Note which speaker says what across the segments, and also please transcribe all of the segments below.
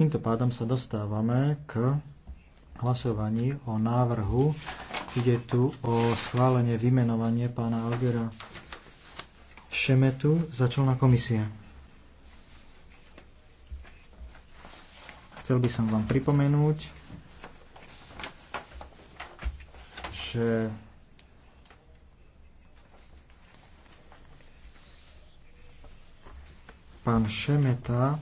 Speaker 1: Týmto pádom sa dostávame k hlasovaní o návrhu. Ide tu o schválenie vymenovanie pána Algera Šemetu za člena komisie. Chcel by som vám pripomenúť, že pán Šemeta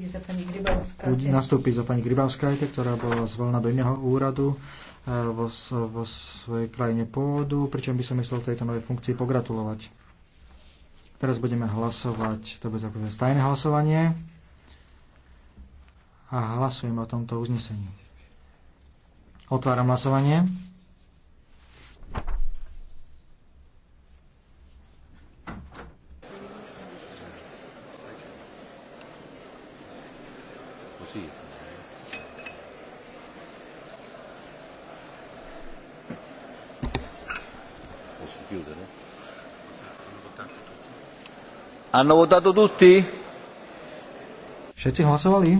Speaker 2: nastúpi za pani Grybavská. Nastúpi
Speaker 1: za pani Grybavská, ktorá bola zvolená do iného úradu e, vo, vo svojej krajine pôvodu, pričom by som chcel tejto novej funkcii pogratulovať. Teraz budeme hlasovať, to bude také stajné hlasovanie a hlasujem o tomto uznesení. Otváram hlasovanie. così. Posso chiudere? Hanno votato tutti? Všetci hlasovali?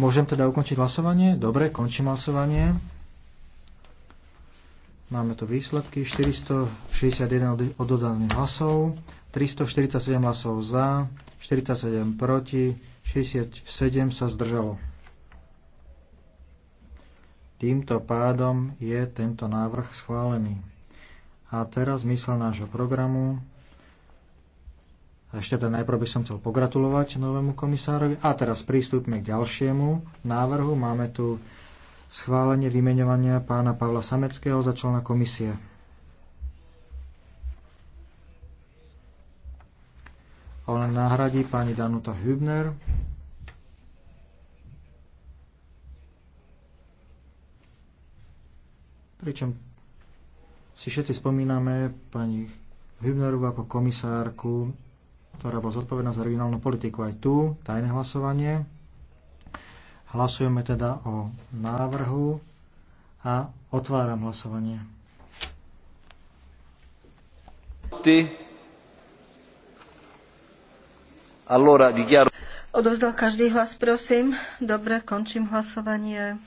Speaker 1: Môžem teda ukončiť hlasovanie? Dobre, končím hlasovanie. Máme tu výsledky 461 odozdaných hlasov. 347 hlasov za, 47 proti, 67 sa zdržalo. Týmto pádom je tento návrh schválený. A teraz mysel nášho programu. Ešte teda najprv by som chcel pogratulovať novému komisárovi. A teraz prístupme k ďalšiemu návrhu. Máme tu schválenie vymenovania pána Pavla Sameckého za člena komisie. ona nahradí pani Danuta Hübner. Pričom si všetci spomíname pani Hübneru ako komisárku, ktorá bola zodpovedná za regionálnu politiku. Aj tu tajné hlasovanie. Hlasujeme teda o návrhu a otváram hlasovanie. Ty. Allora dichiaro...
Speaker 2: Odovzdal každý hlas, prosím. Dobre, končím hlasovanie.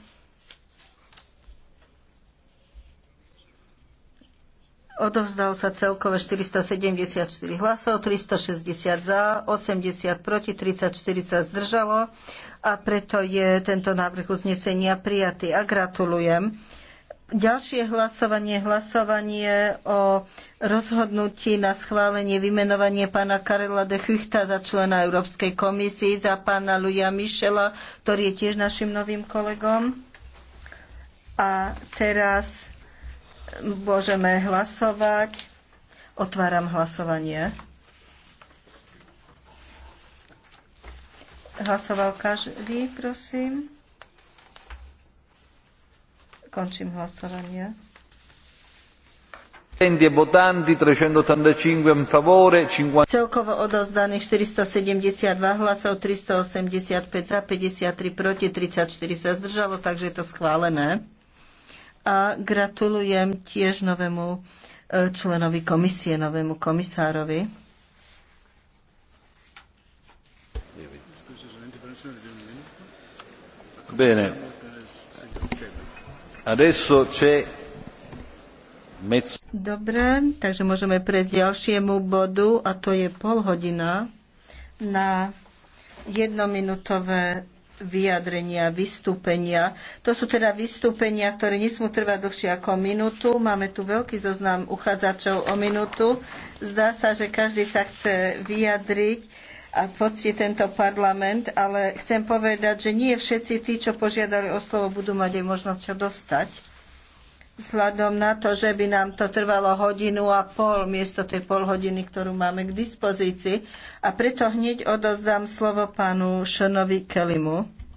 Speaker 2: Odovzdal sa celkové 474 hlasov, 360 za, 80 proti, 34 sa zdržalo a preto je tento návrh uznesenia prijatý. A gratulujem. Ďalšie hlasovanie, hlasovanie o rozhodnutí na schválenie vymenovanie pána Karela de Chuchta za člena Európskej komisii, za pána Luja Mišela, ktorý je tiež našim novým kolegom. A teraz môžeme hlasovať. Otváram hlasovanie. Hlasoval každý, prosím. Končím hlasovanie. E Celkovo odozdaných 472 hlasov, 385 za, 53 proti, 34 sa zdržalo, takže je to schválené. A gratulujem tiež novému e, členovi komisie, novému komisárovi. Bene.
Speaker 1: Adesso c'è
Speaker 2: Dobre, takže môžeme prejsť ďalšiemu bodu a to je pol hodina na jednominútové vyjadrenia, vystúpenia. To sú teda vystúpenia, ktoré nesmú trvať dlhšie ako minútu. Máme tu veľký zoznam uchádzačov o minútu. Zdá sa, že každý sa chce vyjadriť a pocti tento parlament, ale chcem povedať, že nie všetci tí, čo požiadali o slovo, budú mať aj možnosť ho dostať. Vzhľadom na to, že by nám to trvalo hodinu a pol miesto tej pol hodiny, ktorú máme k dispozícii. A preto hneď odozdám slovo pánu Šonovi Kelimu.